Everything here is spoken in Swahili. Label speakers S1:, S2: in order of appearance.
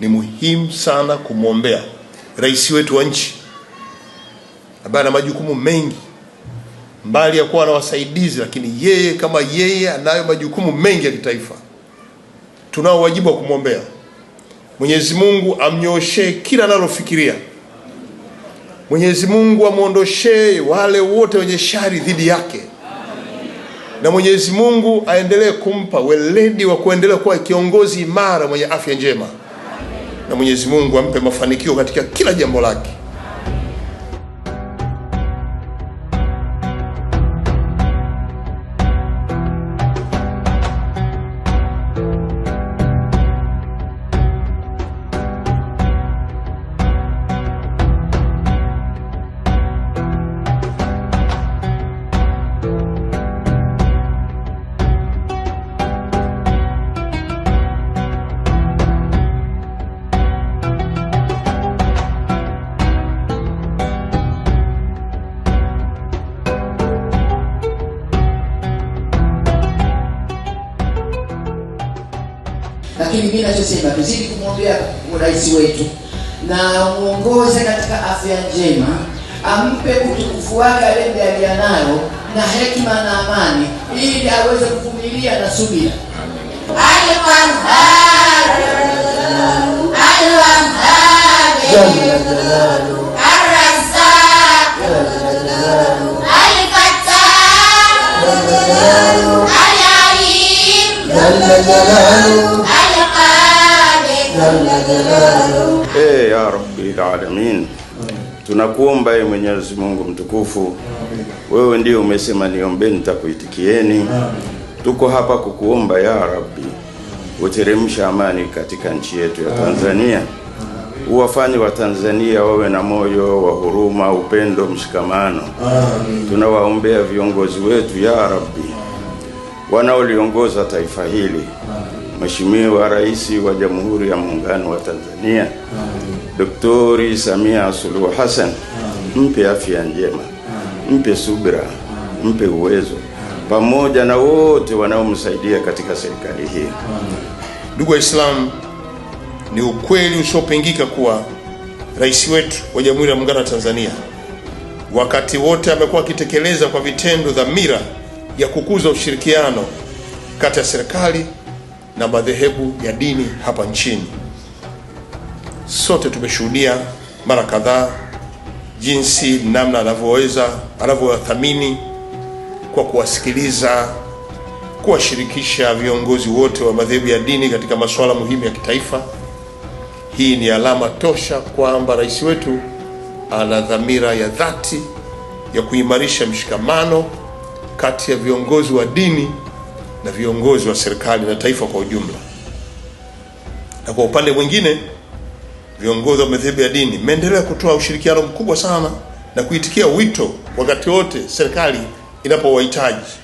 S1: ni muhimu sana kumwombea rais wetu wa nchi ambaye ana majukumu mengi, mbali ya kuwa na wasaidizi, lakini yeye kama yeye anayo majukumu mengi ya kitaifa. Tunao wajibu wa kumwombea Mwenyezi Mungu, amnyoshee kila analofikiria. Mwenyezi Mungu amwondoshee wale wote wenye shari dhidi yake na Mwenyezi Mungu aendelee kumpa weledi wa kuendelea kuwa kiongozi imara mwenye afya njema na Mwenyezi Mungu ampe mafanikio katika kila jambo lake.
S2: lakini mimi nachosema tuzidi kumwombea rais wetu na muongoze katika afya njema, ampe utukufu wake aliyemjalia nayo na hekima na amani, ili aweze kuvumilia na subira.
S3: Jalla jalalu Hey,
S4: eh, ya Rabbil Alamin, tunakuomba e Mwenyezi Mungu mtukufu, wewe ndio umesema niombeni nitakuitikieni. Tuko hapa kukuomba ya Rabbi, uteremsha amani katika nchi yetu ya Tanzania, uwafanye Watanzania wawe na moyo wa huruma, upendo, mshikamano. Tunawaombea viongozi wetu ya Rabbi, wanaoliongoza taifa hili Mheshimiwa Rais wa Jamhuri ya Muungano wa Tanzania Doktori Samia Suluhu Hassan, mpe afya njema, mpe subira, mpe uwezo pamoja na wote wanaomsaidia katika serikali hii.
S1: Ndugu Waislamu, ni ukweli usiopingika kuwa rais wetu wa Jamhuri ya Muungano wa Tanzania wakati wote amekuwa akitekeleza kwa vitendo dhamira ya kukuza ushirikiano kati ya serikali na madhehebu ya dini hapa nchini. Sote tumeshuhudia mara kadhaa jinsi namna anavyoweza anavyowathamini kwa kuwasikiliza, kuwashirikisha viongozi wote wa madhehebu ya dini katika masuala muhimu ya kitaifa. Hii ni alama tosha kwamba rais wetu ana dhamira ya dhati ya kuimarisha mshikamano kati ya viongozi wa dini na viongozi wa serikali na taifa kwa ujumla. Na kwa upande mwingine, viongozi wa madhehebu ya dini mmeendelea kutoa ushirikiano mkubwa sana na kuitikia wito wakati wote serikali inapowahitaji.